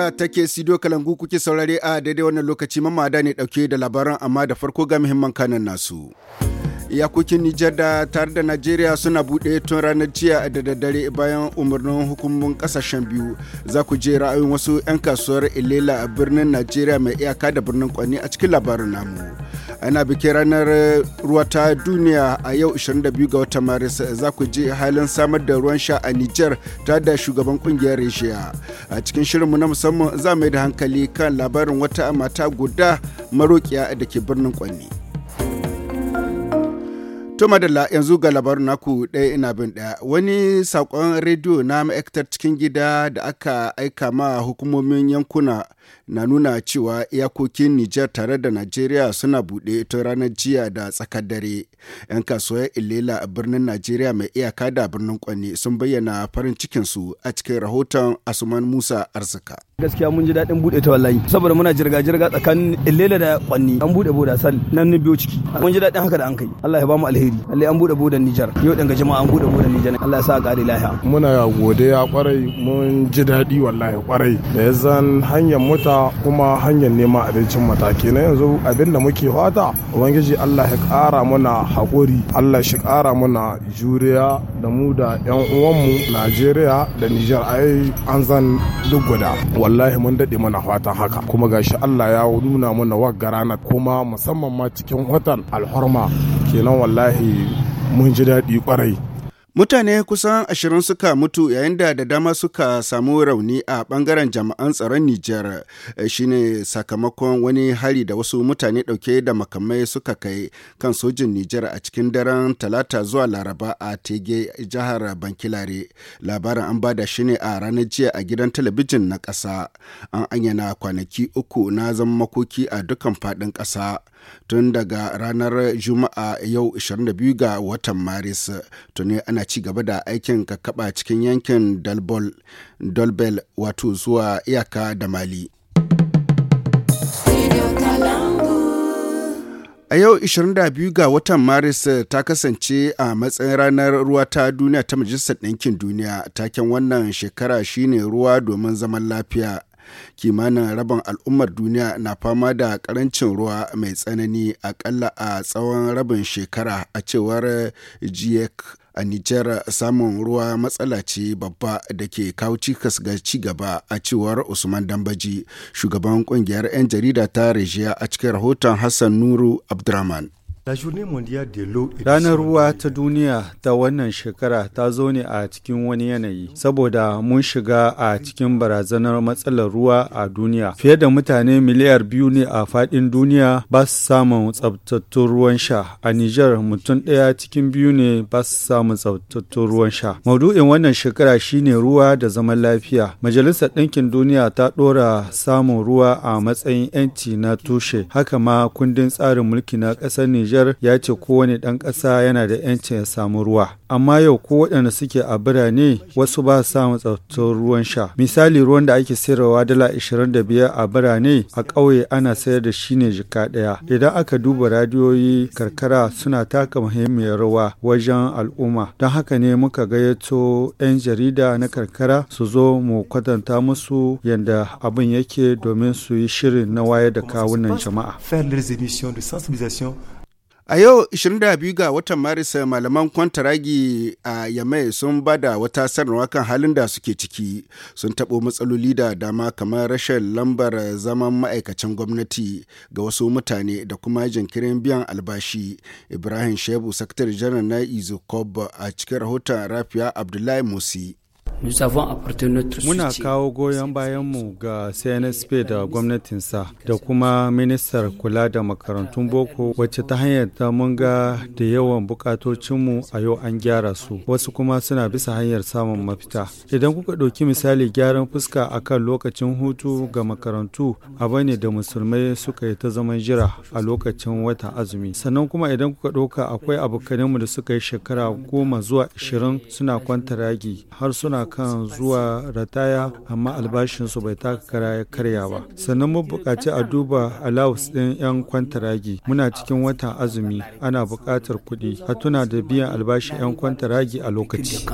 haka take sido kalangu kuke saurare a daidai wannan lokaci mamada ne dauke da labaran amma da farko ga muhimman kanan nasu. iyakokin Nijar da tare da Najeriya suna buɗe tun ranar jiya da daddare bayan umarnin hukumomin kasashen biyu. Za ku je ra'ayin wasu 'yan kasuwar Ilela a birnin Najeriya mai iyaka da birnin Kwani a cikin labarin namu. ana bikin ranar eh, ruwa ta duniya a yau 22 ga watan maris za ku ji halin samar da ruwan sha a niger ta da shugaban kungiyar rishiya a cikin shirinmu na musamman za mai da hankali kan labarin wata mata guda marokiya da ke birnin kwanni To madalla yanzu ga labarin naku ɗaya ina bin ɗaya wani saƙon rediyo na ma'aikatar cikin gida da aka aika ma hukumomin yankuna na nuna cewa iyakokin Nijar tare da Najeriya suna buɗe ta ranar jiya da tsakar dare. 'Yan kasuwar Ilela a birnin Najeriya mai iyaka da birnin Kwanne sun bayyana farin cikinsu a cikin rahoton Asuman Musa Arzika. Gaskiya mun ji daɗin buɗe ta wallahi saboda muna jirga-jirga tsakanin Ilela da Kwanne an buɗe boda sal nan ni biyo ciki. Mun ji daɗin haka da an kai. Allah ya ba mu alheri. Allah an buɗe bodan Nijar. Yau ɗan ga jama'a an buɗe bodan Nijar. Allah ya sa ƙari lahiya. Muna godiya kwarai mun ji daɗi wallahi kwarai da ya zan hanyar mota kuma hanyar neman abincin mataki na yanzu abin da muke fata ubangiji allah ya ƙara mana haƙuri allah shi ƙara mana juriya da mu da yan uwanmu najeriya da nijar ai an zan duk guda wallahi mun daɗe mana fatan haka kuma gashi allah ya nuna mana wagga ranar kuma musamman ma cikin watan alhorma kenan wallahi mun ji daɗi kwarai Mutane kusan ashirin suka mutu yayin da da dama suka samu rauni a ɓangaren jama'an tsaron Nijar eh, shine sakamakon wani hari da wasu mutane ɗauke da makamai suka kai kan sojin Nijar a cikin daren talata zuwa laraba a tege jihar Bankilare. Labarin an bada shine a ranar jiya a gidan talabijin na ƙasa. An anyana kwanaki uku na zama makoki a dukkan faɗin ƙasa. tun daga ranar juma'a yau 22 ga watan maris tuni ana ci gaba da aikin kakaba cikin yankin dalbol wato zuwa iyaka da mali A yau 22 ga watan Maris ta kasance a matsayin ranar ruwa ta duniya ta Majalisar Ɗinkin Duniya. Taken wannan shekara shine ruwa domin zaman lafiya. kimanin rabin al'ummar duniya na fama da karancin ruwa mai tsanani akalla a tsawon rabin shekara a cewar GIEC a Nijar samun ruwa matsala ce babba da ke kawo cikas ga ci gaba a cewar Usman Dambaji, shugaban kungiyar 'yan jarida ta Rijiya a cikin rahoton Hassan Nuru Abdurrahman. Ranar ruwa ta duniya ta wannan shekara ta zo ne a cikin wani yanayi, saboda mun shiga a cikin barazanar matsalar ruwa a duniya. Fiye da mutane miliyar biyu ne a faɗin duniya ba su samun tsabtattun ruwan sha. A Nijar mutum ɗaya cikin biyu ne ba su samun tsabtattun ruwan sha. Maudu'in wannan shekara shine ruwa da zaman lafiya. Majalisar Ɗinkin Duniya ta ɗora samun ruwa a matsayin 'yanci na tushe, haka ma kundin tsarin mulki na ƙasar Nijar Nijar ya ce kowane ɗan ƙasa yana da 'yancin ya samu ruwa. Amma yau ko waɗanda suke a birane wasu ba su samu tsaftar ruwan sha. Misali ruwan da ake sayarwa dala biyar a birane a ƙauye ana sayar da shi ne jika ɗaya. Idan aka duba radiyoyi karkara suna taka muhimmiyar rawa wajen al'umma. Don haka ne muka gayyato 'yan jarida na karkara su zo mu kwatanta musu yadda abin yake domin su yi shirin na wayar da kawunan jama'a. A yau 22 ga watan Maris malaman kwantaragi a Yamai sun bada wata sanarwa kan halin da suke ciki. Sun taɓo matsaloli da dama kamar rashin lambar zaman ma'aikacin gwamnati ga wasu mutane da kuma jinkirin biyan albashi. Ibrahim Shebu, Sakatare Janar na izu a cikin rahoton Rafiya Abdullahi Musi. Muna kawo goyon bayan mu ga CNSP da gwamnatinsa da kuma ministar kula da makarantun boko wacce ta hanyar ta mun da yawan bukatocinmu a yau an gyara su wasu kuma suna bisa hanyar samun mafita. Idan kuka ɗauki misali gyaran fuska akan lokacin hutu ga makarantu a bane da musulmai suka yi ta zaman jira a lokacin wata azumi. Sannan kuma idan kuka ɗauka akwai abokanenmu da suka yi shekara goma zuwa ashirin suna kwanta ragi har suna kan zuwa rataya amma albashinsu bai taka ya karya ba sannan mun buƙaci a duba allowance ɗin 'yan kwantaragi muna cikin watan azumi ana buƙatar kuɗi a tuna da biyan albashin 'yan kwantaragi a lokaci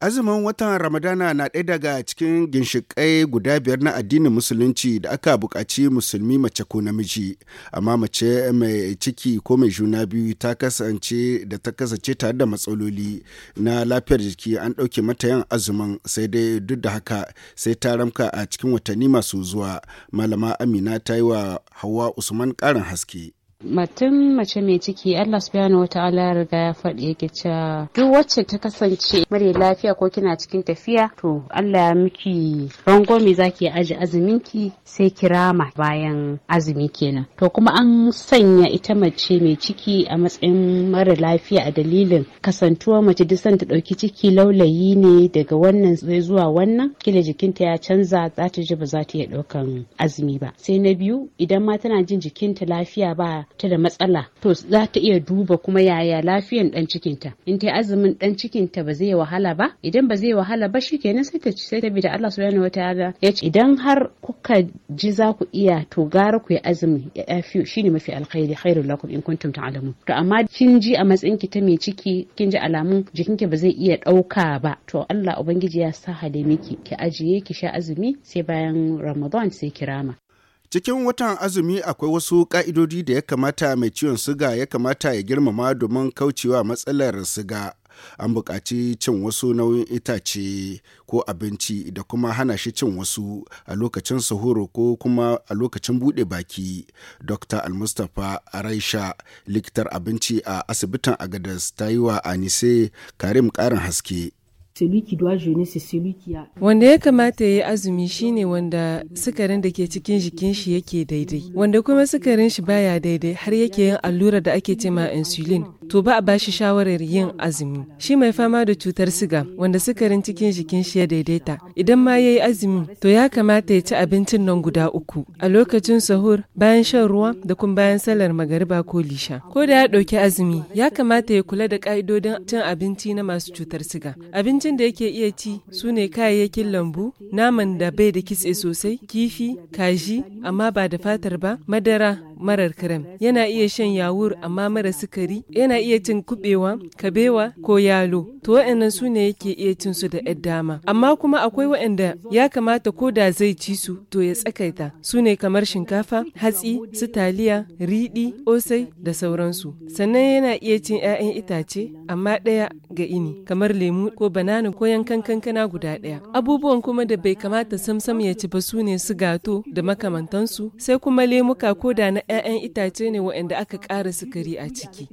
Azumin watan Ramadana na ɗaya daga cikin ginshiƙai guda biyar na addinin Musulunci da aka buƙaci musulmi mace ko namiji, amma mace mai ciki ko mai juna biyu ta kasance da ta kasance tare da matsaloli na lafiyar jiki an ɗauke mata yin azumin sai dai duk da haka sai ta ramka a cikin watanni masu zuwa. Malama Amina ta yi wa Hauwa Usman ƙarin haske. Matun mace mai ciki Allah subhanahu wata'ala ya riga ya faɗi yake cewa duk wacce ta kasance mare lafiya ko kina cikin tafiya to Allah ya miki rangwame zaki aji azumin ki sai kirama bayan azumi kenan. To kuma an sanya ita mace mai ciki a matsayin mara lafiya a dalilin kasantuwa mace duk ta ɗauki ciki laulayi ne daga wannan zai zuwa wannan kila jikinta ya canza za ta ji ba za ta iya ɗaukan azumi ba. Sai na biyu idan ma tana jin jikinta lafiya ba ta da matsala to za ta iya duba kuma yaya lafiyan dan cikinta in ta azumin dan cikinta ba zai wahala ba idan ba zai wahala ba shikenan sai ta ci sai ta bi da Allah subhanahu wataala ya ce idan har kuka ji za ku iya to gara ku yi azumi ya fi shine mafi alkhairi khairul lakum in kuntum ta'lamun to amma kin ji a matsayin ki ta mai ciki kin ji alamun jikinki ba zai iya dauka ba to Allah ubangiji ya sa hade miki ki ajiye ki sha azumi sai bayan Ramadan sai kirama Cikin watan azumi akwai wasu ƙa'idodi da ya kamata mai ciwon suga ya kamata ya girmama domin kaucewa matsalar suga An buƙaci cin wasu nauyin itace ko abinci da kuma hana shi cin wasu a lokacin suhuro ko kuma a lokacin buɗe baki. Dr. Almustapha Araisha, likitar abinci a asibitin Agadas ta yi wa Anise Karim ƙarin haske. Wanda ya kamata ya yi azumi shine wanda sukarin da ke cikin jikin shi yake daidai, wanda kuma sukarin shi baya daidai har yake yin allura da ake cema insulin, to ba a shi shawarar yin azumi. Shi mai fama da cutar siga wanda sukarin cikin jikin shi ya daidaita, idan ma ya yi azumi to ya kamata ya ci abincin nan guda uku a lokacin sahur bayan shan ruwa da kuma bayan sallar magariba ko lisha. Ko da ya ɗauki azumi ya kamata ya kula da ƙa'idodin cin abinci na masu cutar siga. Abincin Abincin da yake iya ci su ne kayayyakin lambu, naman da bai da kitse sosai, kifi, kaji, amma ba da fatar ba, madara, marar krem. Yana iya shan yawur amma mara sukari, yana iya cin kubewa, kabewa ko yalo. To waɗannan su ne yake iya cin su da ‘yar dama. Amma kuma akwai waɗanda ya kamata ko da zai ci su to ya tsakaita. Su ne kamar shinkafa, hatsi, su taliya, riɗi, osai da sauransu. Sannan yana iya cin ‘ya'yan itace amma ɗaya ga ini, kamar lemu ko bana. banana ko yankan kankana guda ɗaya. Abubuwan kuma da bai kamata samsam ya ci ba su ne su gato da makamantansu, sai kuma lemuka ko da na 'ya'yan itace ne waɗanda aka ƙara sukari a ciki.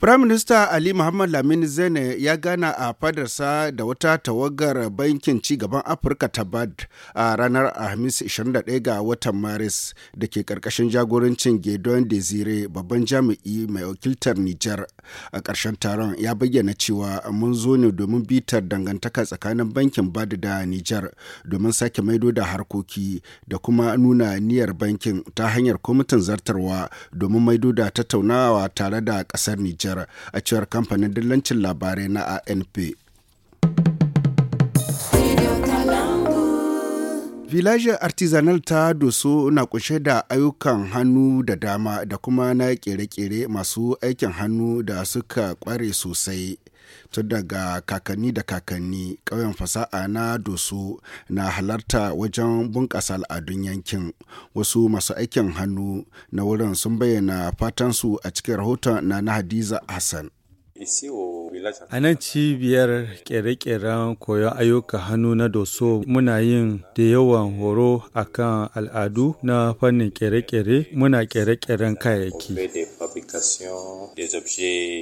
Firaminista Ali Muhammad Lamini Zene ya gana a fadarsa da wata tawagar bankin cigaban Afirka ta BAD a ranar Alhamis 21 ga watan Maris da ke ƙarƙashin jagorancin Gedon Desire babban jami'i mai wakiltar Nijar. A ƙarshen taron ya bayyana cewa mun zo ne domin bitar dangantaka tsakanin bankin BAD da Nijar domin sake maido da harkoki da kuma nuna niyyar bankin ta hanyar kwamitin zartarwa domin maido da tattaunawa tare da ƙasar Nijar. Nijar a cewar kamfanin dillancin labarai na ANP. village artisanal ta doso na kunshe da ayyukan hannu da dama da kuma na kere-kere masu aikin hannu da suka kware sosai tun daga kakanni da kakanni ƙauyen fasa'a na dosu na halarta wajen bunƙasa al'adun yankin wasu masu aikin hannu na wurin sun bayyana fatansu a cikin rahoton na na hadiza hassan A nan cibiyar kere-keren koyon ayyuka hannu na doso muna yin da yawan horo kan al'adu na fannin kere-kere muna kere-keren kayayyaki.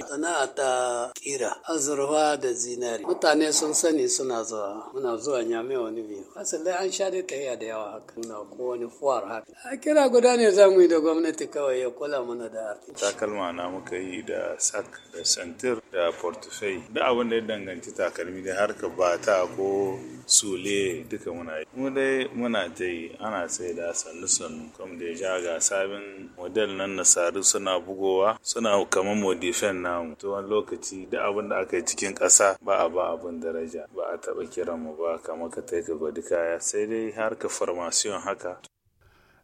Sana'a ta kira azurfa da zinari. Mutane sun sani suna zuwa muna zuwa nyame wani biyu. Asalai an sha dai tahiya da yawa haka muna wani fuwar haka. A kira guda ne za mu yi da gwamnati kawai ya kula mana da Takalma na muka yi da sak da sant fitar da portofai da abin da ya danganci takalmi da harka bata ko sule duka muna yi mu dai muna ta yi ana sai da sannu sannu kam da ya ga sabin model nan na sari suna bugowa suna kamar modifen namu to wani lokaci da abin da aka yi cikin ƙasa ba a ba abin daraja ba a taɓa kiran mu ba kamar ka taika ka gwadi kaya sai dai harka farmasiyon haka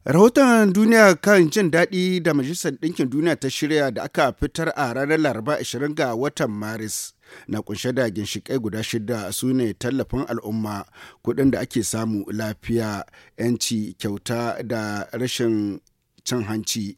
Rahoton duniya kan jin daɗi da Majalisar Ɗinkin Duniya ta shirya da aka fitar a ranar Laraba 20 ga watan Maris na kunshe da ginshiƙai guda shida su ne tallafin al'umma kuɗin da ake samu lafiya 'yanci kyauta da rashin cin hanci.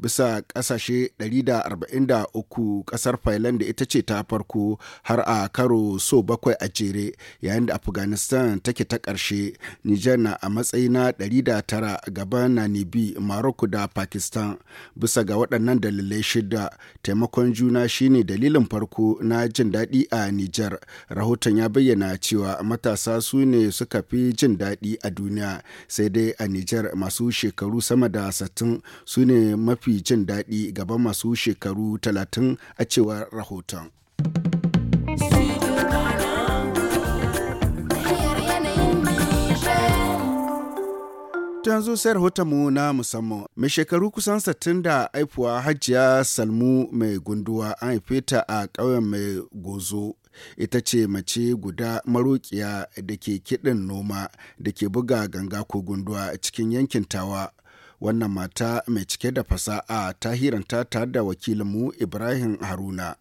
bisa ƙasashe 143 ƙasar da ita ce ta farko har a karo so bakwai a jere yayin da Afghanistan take ta ƙarshe Nijar na a matsayi na 109 gaban Nanibi, Morocco da Pakistan bisa ga waɗannan dalilai shida taimakon juna shine dalilin farko na jin daɗi a Nijar rahoton ya bayyana cewa matasa su ne suka fi jin daɗi a duniya sai dai a Nijar masu shekaru sama da 60 su ne mafi jin daɗi gaban masu shekaru 30 a cewar rahoton. yanzu sai mu na musamman mai shekaru kusan 60 da aifuwa hajiya salmu mai gunduwa an haife ta a ƙauyen mai gozo ita ce mace guda maroƙiya da ke kiɗin noma da ke buga ganga ko gunduwa cikin yankin tawa Wannan mata mai cike da fasa'a ta hiranta tare da wakilinmu Ibrahim Haruna.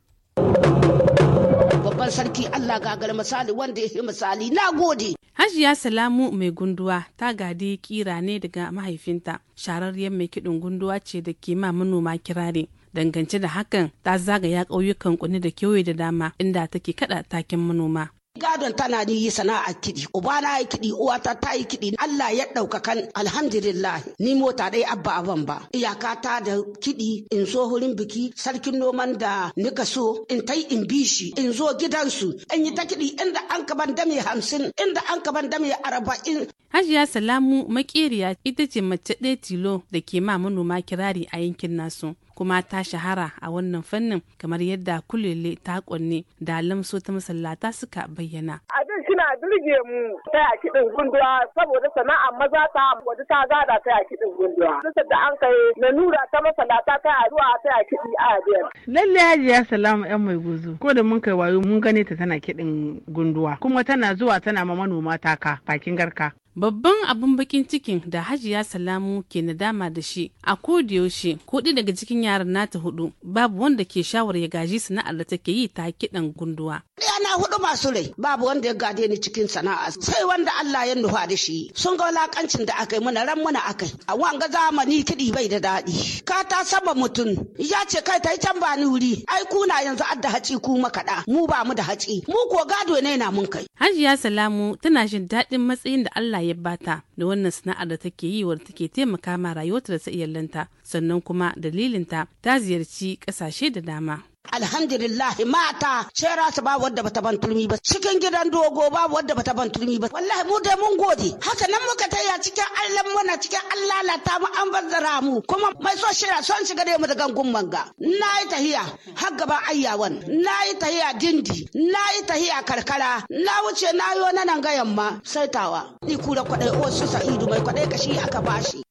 Babban sarki Allah gagar misali wanda ya misali na gode. Hajiya Salamu mai gunduwa ta gadi kira ne daga mahaifinta. Shararriyar mai kiɗin gunduwa ce da ke ma manoma kirare. Dangance da hakan ta zagaya ƙauyukan kuni da kewaye da dama inda take kaɗa takin manoma. gadon tana ni yi sana'a kiɗi ubana ya kiɗi uwata ta yi kiɗi Allah ya ɗaukakan alhamdulillah ni mota dai abba aban ba iyaka ta da kiɗi in zo hurin biki sarkin noman da nika so in tai in bishi in zo gidansu in yi ta kiɗi inda an kaban dame hamsin inda an kaban dame arba'in Hajiya Salamu makeriya ita ce mace ɗaya tilo da ke ma manoma kirari a yankin nasu. kuma ta shahara a wannan fannin kamar yadda kulele ta kunne da lamso ta masallata suka bayyana. Abin suna birge mu ta yaki kiɗin gunduwa saboda sana'a maza ta wadda ta zada ta yaki ɗin gunduwa. Nisa da an kai na nura ta masallata ta a zuwa sai a a biyar. Lalle hajiya salamu yan mai guzu ko da mun kai wayo mun gane ta tana kiɗin gunduwa kuma tana zuwa tana ma manoma taka bakin garka. babban abin bakin cikin da hajiya salamu ke nadama da shi a yaushe kuɗi daga cikin yaran nata hudu babu wanda ke shawar ya gaji sana'ar da take yi ta kiɗan gunduwa na hudu masu rai babu wanda ya gade ni cikin sana'a sai wanda Allah ya nufa da shi sun ga wulakancin da aka yi muna ran muna aka yi a wanga zamani kiɗi bai da daɗi ka ta saba mutum ya ce kai ta yi can ba ni wuri ai kuna yanzu adda haci ku makaɗa mu ba mu da haci mu ko gado ne na mun kai. Hajiya Salamu tana jin daɗin matsayin da Allah ya bata da wannan sana'ar da take yi wadda take taimaka ma rayuwarta da ta iyalanta sannan kuma dalilinta ta ziyarci ƙasashe da dama. alhamdulillah mata cera ta ba wadda bata ban turmi ba cikin gidan dogo ba wadda bata ban turmi ba wallahi mu dai mun gode haka nan muka taya cikin Allah muna cikin Allah lata mu an bazzara mu kuma mai so shira son shiga da mu da gangun manga na yi tahiya har gaban ayyawan na yi tahiya dindi na yi tahiya karkara na wuce na yi na nan ga yamma saitawa ni kura kwadai o sa'idu mai kwaɗai kashi aka bashi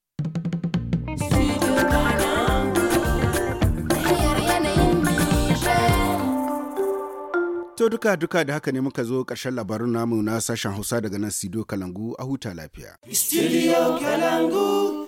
To duka duka da haka ne muka zo karshen labarun namu na sashen Hausa daga nan Sido Kalangu a huta lafiya. Studio Kalangu.